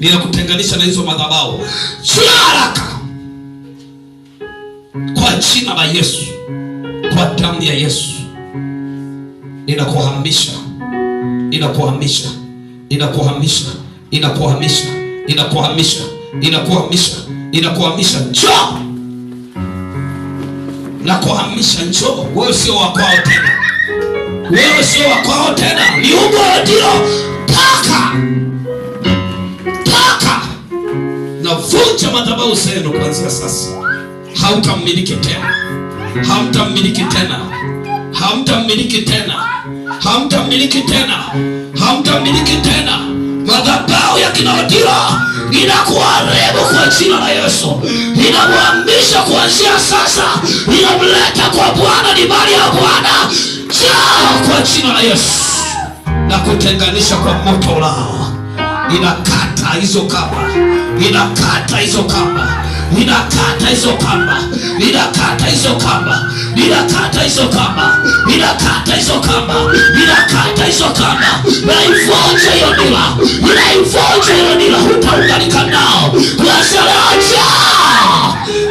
ninakutenganisha na hizo madhabahu haraka, kwa jina la Yesu, kwa damu ya Yesu, ninakuhamisha, ninakuhamisha, ninakuhamisha, ninakuhamisha, ninakuhamisha, ninakuhamisha, ninakuhamisha, njo nakuhamisha njo Wewe sio wa kwao tena, wewe sio wa kwao tena, ni ugo ndio paka cha madhabahu zenu kuanzia sasa hautamiliki tena, hamtamiliki tena, hamtamiliki tena, hamtamiliki tena, hamtamiliki tena. Madhabahu ya kinaotira inakuharibu kwa jina la Yesu, inamwamisha kuanzia sasa, inamleta kwa Bwana, ni mali ya Bwana jaa kwa jina la Yesu na kutenganisha kwa moto lao inakaa ninakata hizo kamba, ninakata hizo kamba, ninakata hizo kamba, ninakata hizo kamba, ninakata hizo kamba, ninakata hizo kamba, ninakata hizo kamba, ninaivunja hiyo nira, ninaivunja hiyo nira, hutaunganika nao kuasalacha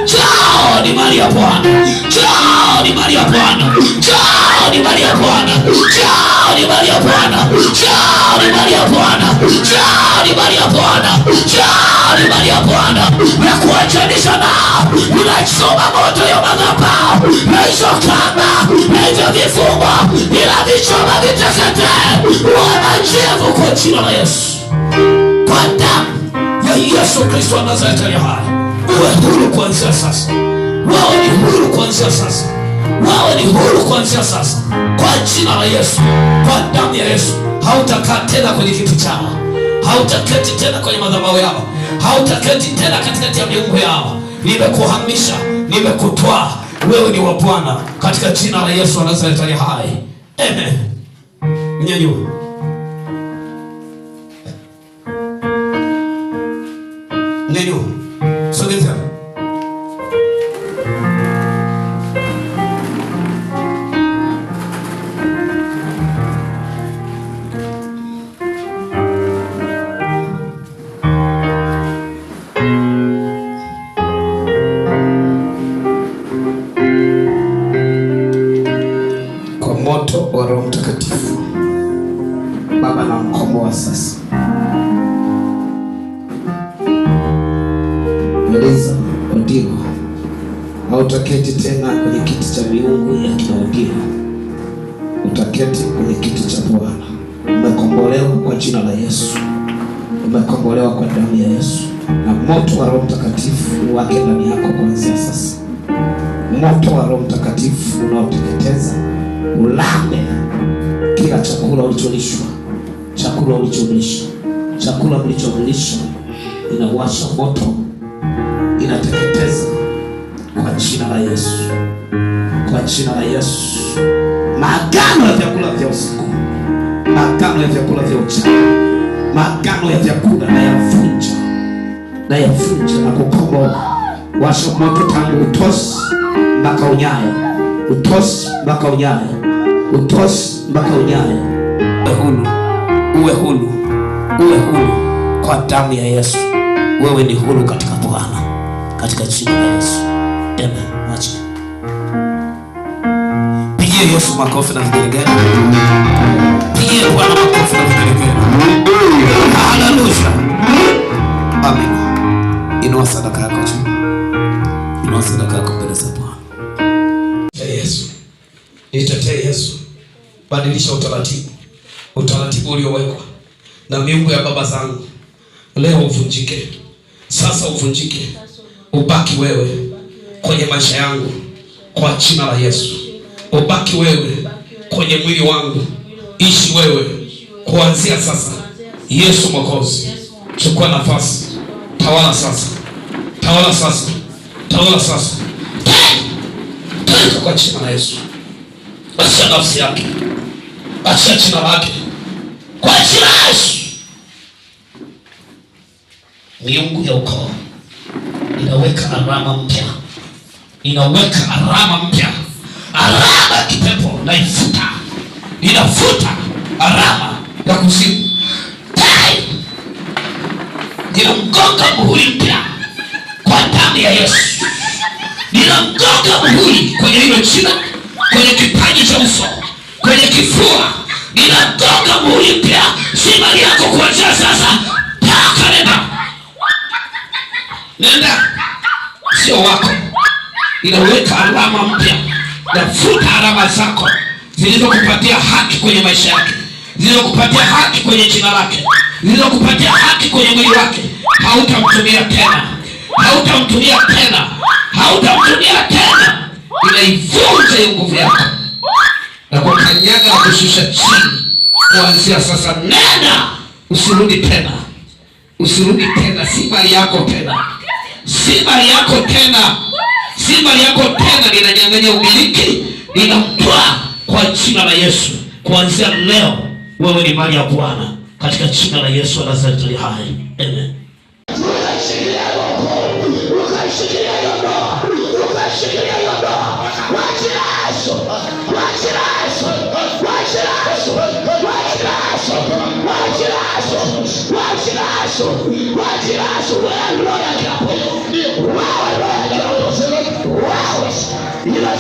chao ni mali ya Bwana, chao ni mali ya Bwana, chao Njoo ni mali ya Bwana, njoo ni mali ya Bwana, njoo ni mali ya Bwana, njoo ni mali ya Bwana, njoo ni mali ya Bwana. Na kuachanisha nao, ninachoma moto ya madhabahu na hizo kamba na hivyo vifungo, ila vichoma viteketee, wanajevu kwa jina la Yesu, kwa damu ya Yesu Kristo wa Nazareti aliye hai. Uwe huru kuanzia sasa, wao ni huru kuanzia sasa ni huru kuanzia sasa, kwa jina la Yesu, kwa damu ya Yesu. Hautakaa tena kwenye kitu chao, hautaketi tena kwenye madhabahu yao, hautaketi tena katikati ya miungu yao. Nimekuhamisha, nimekutwaa, wewe ni wa Bwana, katika jina la Yesu wa Nazareti hai, amen. Mnyanyua kupendeza kondigo hautaketi tena kwenye kiti cha miungu ya kimaudimo, utaketi kwenye kiti cha Bwana. Umekombolewa kwa jina la Yesu, umekombolewa kwa damu ya Yesu, na moto wa Roho Mtakatifu wake ndani yako kuanzia sasa, moto wa Roho Mtakatifu unaoteketeza, ulame kila chakula ulicholishwa, chakula ulicholishwa, chakula ulicholishwa, inawasha moto inateketeza kwa jina la Yesu, kwa jina la Yesu. Maagano ya vyakula vya usiku, maagano ya vyakula vya uchana, maagano ya vyakula na yavunja, na na kukomoa. Washa moto tangu utosi mpaka unyayo, utosi mpaka unyayo, utosi mpaka unyayo. Uwe hulu, uwe hulu, uwe hulu kwa damu ya Yesu. Wewe ni huru katika Bwana, katika jina la Yesu. Amen. Wacha pigie Yesu makofi na vigelegele, pigie Bwana makofi na vigelegele. Haleluya, amen. Inua sadaka yako juu, inua sadaka yako mbele za Bwana. Yesu, nitetee Yesu, badilisha utaratibu, utaratibu uliowekwa na miungu ya baba zangu leo uvunjike sasa uvunjike, ubaki wewe kwenye maisha yangu kwa jina la Yesu. Ubaki wewe kwenye mwili wangu, ishi wewe kuanzia sasa. Yesu Mwokozi, chukua nafasi, tawala sasa, tawala sasa, tawala sasa, kwa jina la Yesu. Acha nafsi yake, acha jina lake kwa jina la Yesu miungu ya ukoo inaweka alama mpya, inaweka alama mpya. Alama ya kipepo naifuta, inafuta alama ya kuzimu. Ninamgonga muhuri mpya kwa damu ya Yesu, ninamgonga muhuri kwenye hilo jina nenda, sio wako, inaweka alama mpya, nafuta alama zako zilizokupatia haki kwenye maisha yake, zilizokupatia haki kwenye jina lake, zilizokupatia haki kwenye mwili wake. Hautamtumia tena, hautamtumia tena, hautamtumia tena, ila ivunje hiyo nguvu yako na kwa kanyaga na kushusha chini kuanzia sasa. Nena, usirudi tena, usirudi tena, si mali yako tena si mali yako tena, si mali yako tena, linanyang'anya umiliki, linamtwaa kwa jina la Yesu. Kuanzia leo wewe ni mali ya Bwana katika jina la Yesu wa Nazareti ali hai, amen.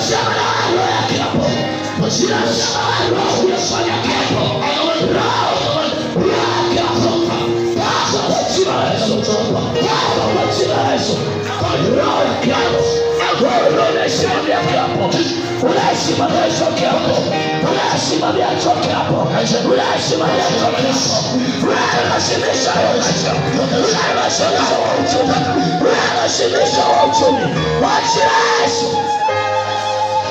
shamba la kwa jina la Yesu.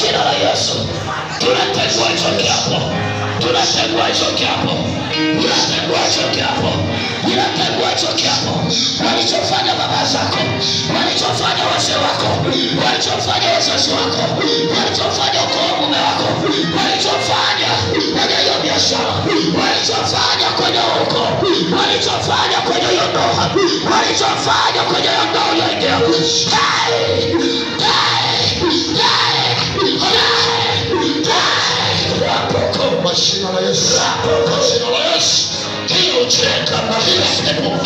jina la Yesu tunategua choki hapo, Walichofanya baba zako, walichofanya wazee wako, walichofanya wazazi wako, walichofanya ukoo mume wako, walichofanya kwenye hiyo biashara, walichofanya kwenye walichofanya kwenye hiyo ndoa, walichofanya kwenye hiyo ndoa uliyoingia. Kwa jina la Yesu, kwa jina la Yesu, kiu cheka na Yesu.